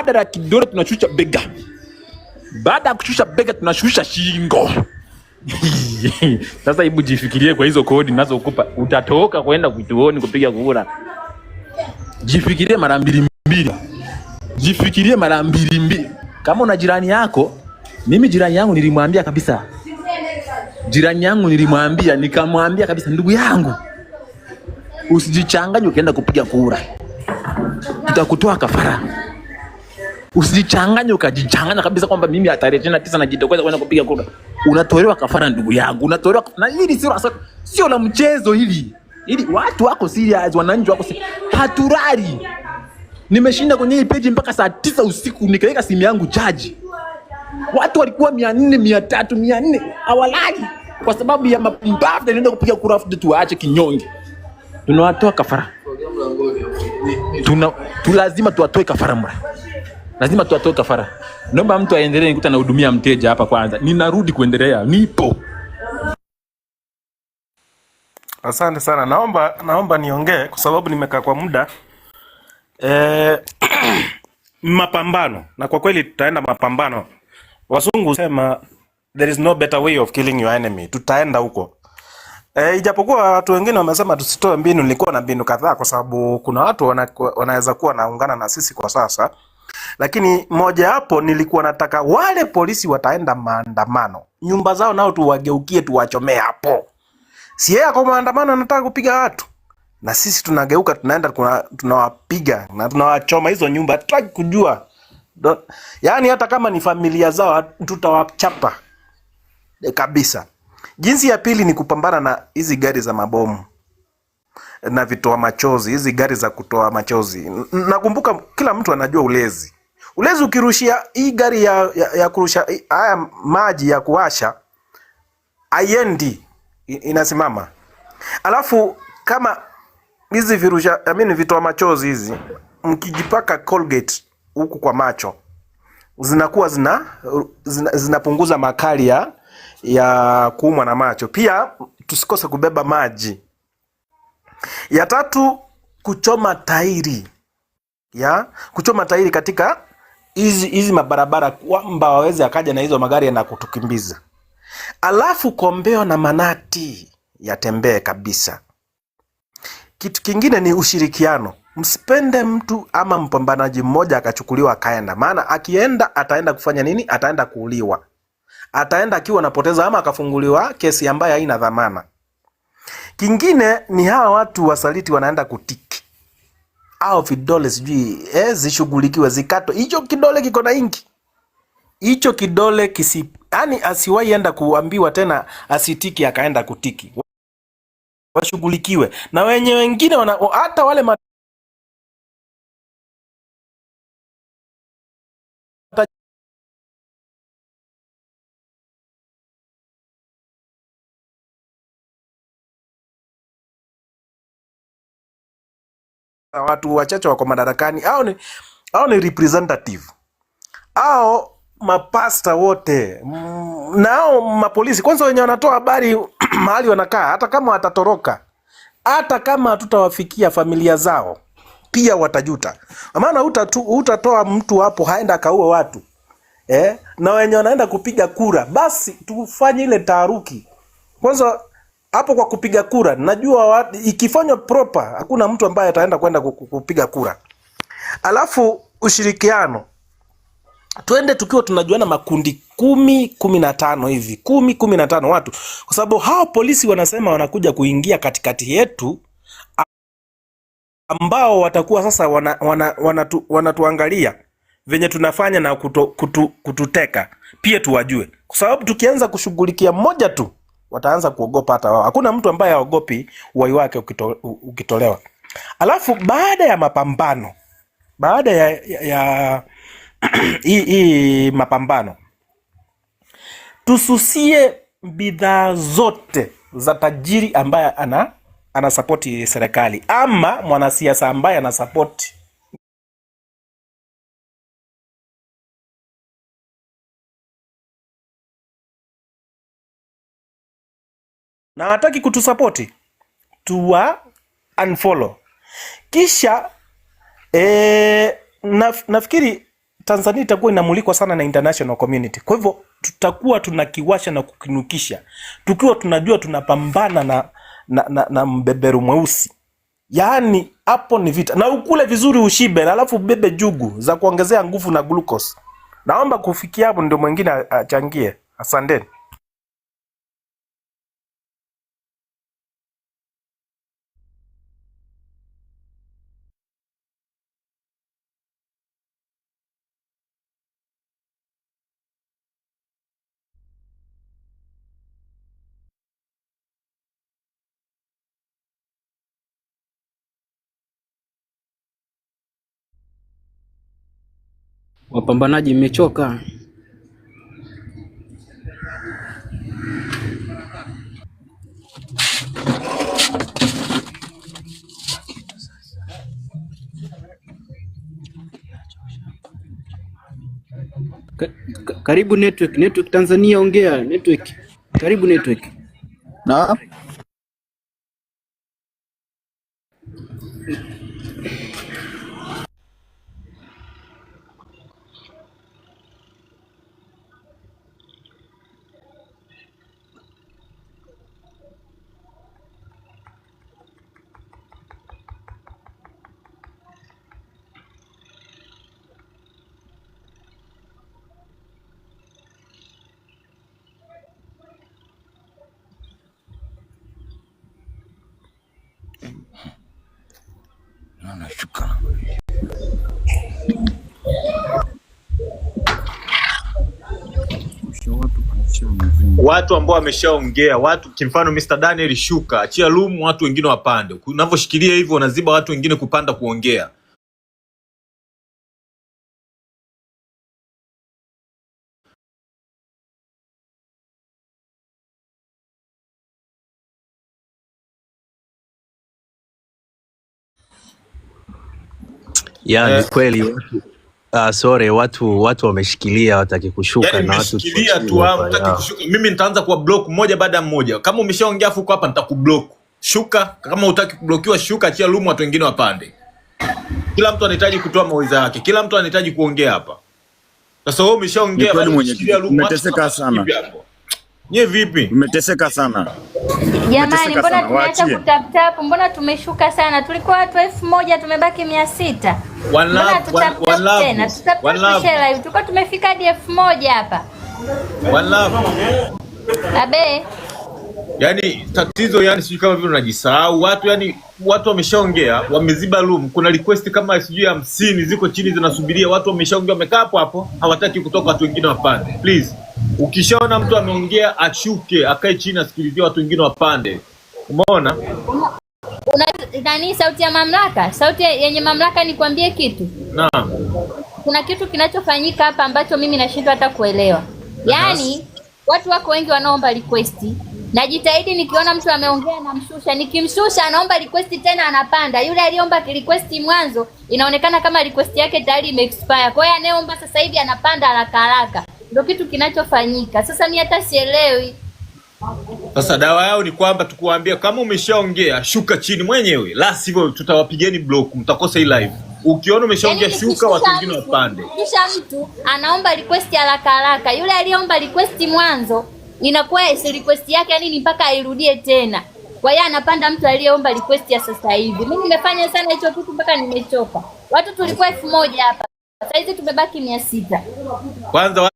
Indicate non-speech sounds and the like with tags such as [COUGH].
Badala ya kidole tunashusha bega, baada ya kushusha bega tunashusha shingo. [LAUGHS] Sasa hebu jifikirie kwa hizo kodi ninazokupa, utatoka kwenda kituoni kupiga kura. Jifikirie mara mbili mbili, jifikirie mara mbili mbili. Kama una jirani yako, mimi jirani yangu nilimwambia kabisa, jirani yangu nilimwambia, nikamwambia kabisa, ndugu yangu, usijichanganye ukienda kupiga kura, tutakutoa kafara. Usijichanganye ukajichanganya kabisa kwamba mimi ya tarehe ishirini na tisa najitokeza kwenda kupiga kura. Unatolewa kafara, ndugu yangu, unatolewa na hili sio sio la mchezo hili. Hili watu wako serious, wananchi wako serious. Haturari. Nimeshinda kwenye hii page mpaka saa tisa usiku nikaweka simu yangu chaji. Watu walikuwa 400, 300, 400 hawalali kwa sababu ya mapumbavu naenda kupiga kura afu tuache kinyonge. Tunawatoa kafara. Tuna, tu lazima tuwatoe kafara mbaya lazima tuatoe kafara. Naomba mtu aendelee, nikuta nahudumia mteja hapa kwanza, ninarudi kuendelea, nipo. Asante sana, naomba naomba niongee kwa sababu nimekaa kwa muda e, [CLEARS THROAT] mapambano na kwa kweli tutaenda mapambano. Wazungu sema there is no better way of killing your enemy, tutaenda huko e, ijapokuwa watu wengine wamesema tusitoe mbinu. Nilikuwa na mbinu kadhaa, kwa sababu kuna watu wanaweza kuwa naungana na sisi kwa sasa lakini moja hapo nilikuwa nataka wale polisi wataenda maandamano, nyumba zao nao tuwageukie, tuwachomee hapo. Si yeye kwa maandamano anataka kupiga watu, na sisi tunageuka, tunaenda tunawapiga na tunawachoma hizo nyumba. Hatutaki kujua Don, yani hata kama ni familia zao tutawachapa eh, kabisa. Jinsi ya pili ni kupambana na hizi gari za mabomu na vitoa machozi, hizi gari za kutoa machozi. Nakumbuka kila mtu anajua ulezi. Ulezi ukirushia hii gari ya, ya, ya kurusha haya maji ya kuwasha aiendi, inasimama. Alafu kama hizi virusha I mean vitoa machozi hizi mkijipaka Colgate huku kwa macho zinakuwa zina zinapunguza zina makali ya ya kuumwa na macho. Pia tusikose kubeba maji ya tatu kuchoma tairi ya kuchoma tairi katika hizi hizi mabarabara, kwamba waweze akaja na hizo magari na kutukimbiza, Alafu kombeo na manati yatembee kabisa. Kitu kingine ni ushirikiano. Msipende mtu ama mpambanaji mmoja akachukuliwa akaenda, maana akienda ataenda kufanya nini? Ataenda kuuliwa, ataenda akiwa anapoteza ama akafunguliwa kesi ambayo haina dhamana. Kingine ni hawa watu wasaliti wanaenda kutiki au vidole sijui, eh, zishughulikiwe zikato. Hicho kidole kiko na ingi, hicho kidole kisi, yani asiwaienda enda kuambiwa tena asitiki, akaenda kutiki, washughulikiwe na wenye wengine hata wale watu wachache wako madarakani au ni, au ni representative au mapasta wote mm, nao mapolisi kwanza, wenye wanatoa habari [CLEARS THROAT] mahali wanakaa, hata kama watatoroka, hata kama hatutawafikia familia zao, pia watajuta, maana hutatoa mtu hapo haenda akaua watu eh? na wenye wanaenda kupiga kura, basi tufanye ile taharuki kwanza hapo kwa kupiga kura, najua ikifanywa proper hakuna mtu ambaye ataenda kwenda kupiga kura. Alafu ushirikiano, twende tukiwa tunajuana makundi kumi kumi na tano hivi kumi kumi na tano watu, kwa sababu hao polisi wanasema wanakuja kuingia katikati yetu, ambao watakuwa sasa wanatuangalia wana, wana, wana wana venye tunafanya na kuto, kutu, kututeka pia tuwajue, kwa sababu tukianza kushughulikia mmoja tu wataanza kuogopa hata wao. Hakuna mtu ambaye aogopi uwai wake ukito, ukitolewa. Alafu baada ya mapambano, baada ya ya [CLEARS THROAT] hii mapambano, tususie bidhaa zote za tajiri ambaye ana anasapoti serikali ama mwanasiasa ambaye anasapoti na hataki kutusapoti tuwa unfollow. Kisha e, eh, naf, nafikiri Tanzania itakuwa inamulikwa sana na international community, kwa hivyo tutakuwa tunakiwasha na kukinukisha tukiwa tunajua tunapambana na, na, na, na mbeberu mweusi. Yaani hapo ni vita, na ukule vizuri ushibe, alafu ubebe jugu za kuongezea nguvu na glucose. Naomba kufikia hapo, ndio mwingine achangie. Asanteni. Wapambanaji mmechoka? karibu network, network Tanzania, ongea network. Karibu network. Naam. watu ambao wameshaongea watu, kimfano Mr. Daniel shuka, achia room watu wengine wapande. Unavyoshikilia hivyo unaziba watu wengine kupanda kuongea. Ya, ni eh. kweli Uh, sorry, watu watu wameshikilia wataki kushuka yani, na watu kushuka tu wataki kushuka. Mimi nitaanza kwa block mmoja baada ya mmoja. Kama umeshaongea afu kwa hapa nitakublock. Shuka, kama hutaki kublokiwa shuka, achia room watu wengine wapande. Kila mtu anahitaji kutoa mawazo yake. Kila mtu anahitaji kuongea hapa. Sasa wewe umeshaongea bado umeshikilia room. Umeteseka sana. Nye vipi? Umeteseka sana. Jamani, mbona tumeacha kutap tap? Mbona tumeshuka sana? Tulikuwa watu 1000 tumebaki 600. Tulikuwa tumefika hadi elfu moja hapa. Abe. Yaani, tatizo yani sijui kama vile unajisahau watu yani watu wameshaongea wameziba room. Kuna request kama sijui hamsini ziko chini zinasubiria, watu wameshaongea wamekaa hapo hapo, hawataki kutoka, watu wengine wapande. Please, ukishaona mtu ameongea ashuke akae chini asikilizie watu wengine wapande. Umeona? nani, sauti ya mamlaka, sauti yenye mamlaka. Nikwambie kitu, naam, kuna kitu kinachofanyika hapa ambacho mimi nashindwa hata kuelewa. Yaani watu wako wengi wanaomba request, najitahidi nikiona mtu ameongea namshusha, nikimshusha anaomba request tena anapanda. Yule aliomba request mwanzo, inaonekana kama request yake tayari imeexpire, kwa hiyo anayeomba sasa hivi anapanda haraka haraka. Ndio kitu kinachofanyika sasa. Mimi hata sielewi sasa dawa yao ni kwamba tukuambia kama umeshaongea shuka chini mwenyewe, la sivyo tutawapigeni block, mtakosa hii live. Ukiona umeshaongea yaani shuka, watu wengine wapande. Kisha mtu anaomba request haraka haraka, yule aliyeomba request mwanzo inakuwa si request yake, yani ni mpaka airudie tena. Kwa hiyo anapanda mtu aliyeomba request ya sasa hivi. Mimi nimefanya sana hicho kitu mpaka nimechoka. Watu tulikuwa elfu moja hapa, sasa hizi tumebaki mia sita. Kwanza